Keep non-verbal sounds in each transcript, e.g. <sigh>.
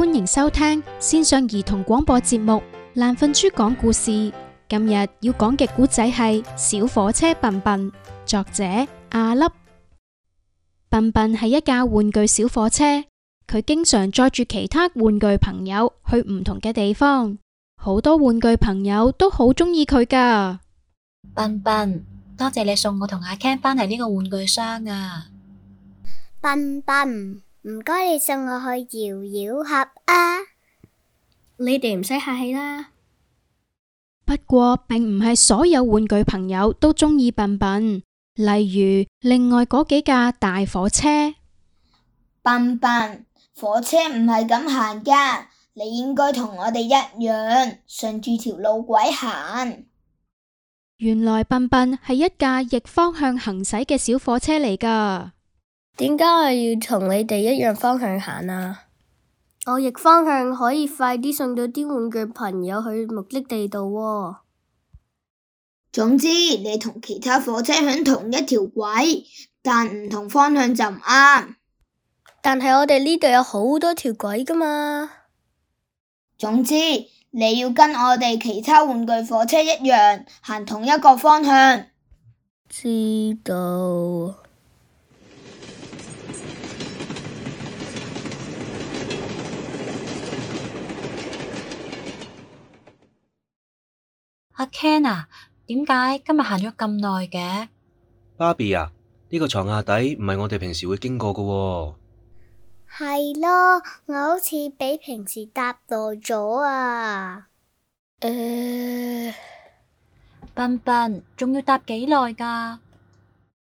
歡迎收聽線上兒童廣播節目《爛瞓豬講故事》。今日要講嘅古仔係《小火車笨笨》，作者阿粒。笨笨係一架玩具小火車，佢經常載住其他玩具朋友去唔同嘅地方，好多玩具朋友都好中意佢噶。笨笨，多謝你送我同阿 Ken 返嚟呢個玩具箱啊！笨笨。唔該，你送我去搖搖盒啊！你哋唔使客氣啦。不過，並唔係所有玩具朋友都鍾意笨笨，例如另外嗰幾架大火車。笨笨，火車唔係咁行噶，你應該同我哋一樣，順住條路軌行。原來笨笨係一架逆方向行駛嘅小火車嚟噶。點解我要同你哋一樣方向行啊？我逆方向可以快啲送到啲玩具朋友去目的地度喎、哦。總之，你同其他火車響同一條軌，但唔同方向就唔啱。但係我哋呢度有好多條軌噶嘛。總之，你要跟我哋其他玩具火車一樣行同一個方向。知道。阿 Ken 啊，點解今日行咗咁耐嘅？Barbie 啊，呢、這個床下底唔係我哋平時會經過嘅、哦。係咯，我好似比平時搭耐咗啊。誒、呃，笨笨，仲要搭幾耐噶？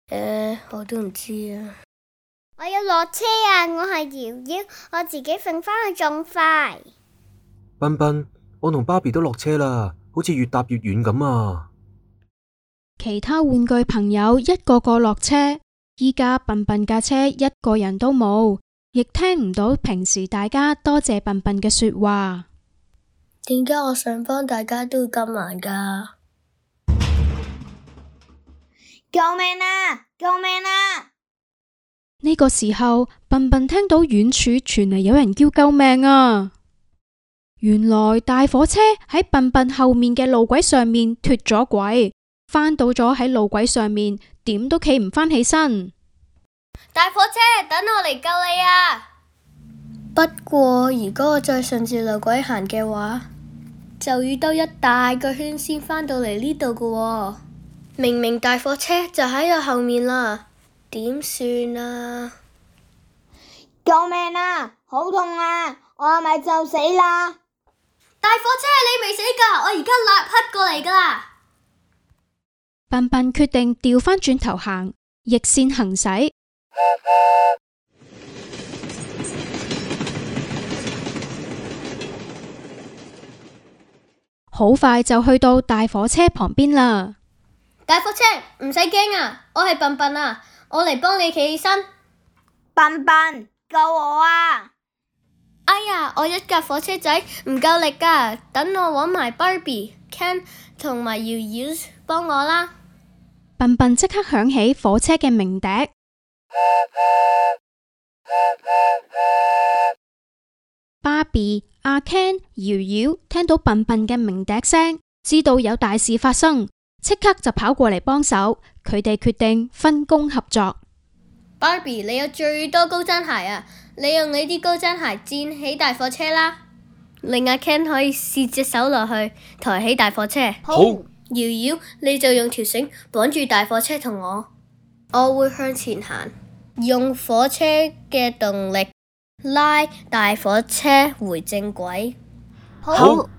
誒、呃，我都唔知啊。我要落車啊！我係瑤瑤，我自己瞓翻去仲快。笨笨，我同 Barbie 都落車啦。好似越搭越遠咁啊！其他玩具朋友一個個落車，依家，笨笨架車一個人都冇，亦聽唔到平時大家多謝笨笨嘅說話。點解我想幫大家都要咁難㗎？救命啊！救命啊！呢個時候，笨笨聽到遠處傳嚟有人叫救命啊！原來大火車喺笨笨後面嘅路軌上面脱咗軌，翻到咗喺路軌上面，點都企唔翻起身。大火車，等我嚟救你啊！不過如果我再順住路軌行嘅話，就要兜一大個圈先翻到嚟呢度㗎喎。明明大火車就喺我後面啦，點算啊？救命啊！好痛啊！我係咪就死啦？大火車，你未死噶？我而家立刻過嚟噶啦！笨笨決定調返轉頭行，逆線行駛，好 <laughs> 快就去到大火車旁邊啦！大火車，唔使驚啊！我係笨笨啊，我嚟幫你企起身！笨笨，救我啊！.哎呀，我一架火車仔唔夠力㗎，等我搵埋 Barbie、Ken 同埋瑤瑤幫我啦。笨笨即刻響起火車嘅鳴笛。Barbie、阿 Ken、瑤瑤聽到笨笨嘅鳴笛聲，知道有大事發生，即刻就跑過嚟幫手。佢哋決定分工合作。Barbie，你有最多高踭鞋啊！你用你啲高踭鞋墊起大火車啦。令阿、啊、Ken 可以試隻手落去抬起大火車。好，瑤瑤你就用條繩綁住大火車同我，我會向前行，用火車嘅動力拉大火車回正軌。好，好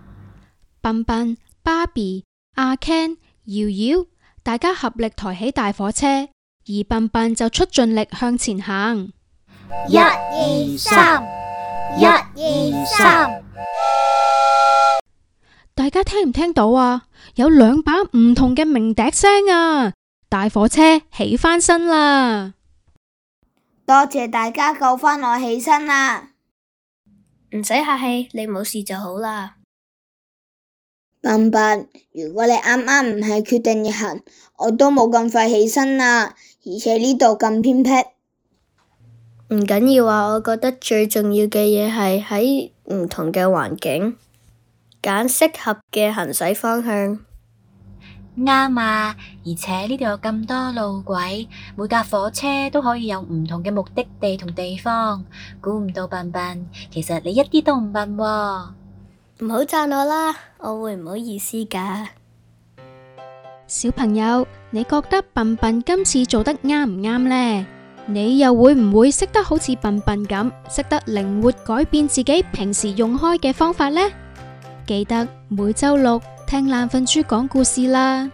笨笨、芭比，阿 Ken、瑤瑤，大家合力抬起大火車。而笨笨就出盡力向前行。一、二、三，一、二、三。大家聽唔聽到啊？有兩把唔同嘅鳴笛聲啊！大火車起翻身啦！多謝大家救翻我起身啦！唔使客氣，你冇事就好啦。笨笨、嗯，如果你啱啱唔係決定要行，我都冇咁快起身啦。而且呢度咁偏僻，唔緊要啊。我覺得最重要嘅嘢，係喺唔同嘅環境揀適合嘅行駛方向。啱啊、嗯，而且呢度有咁多路軌，每架火車都可以有唔同嘅目的地同地方。估唔到笨笨、嗯嗯，其實你一啲都唔笨、喎。唔好讚我啦，我會唔好意思噶。小朋友，你覺得笨笨今次做得啱唔啱呢？你又會唔會識得好似笨笨咁，識得靈活改變自己平時用開嘅方法呢？記得每周六聽爛瞓豬講故事啦。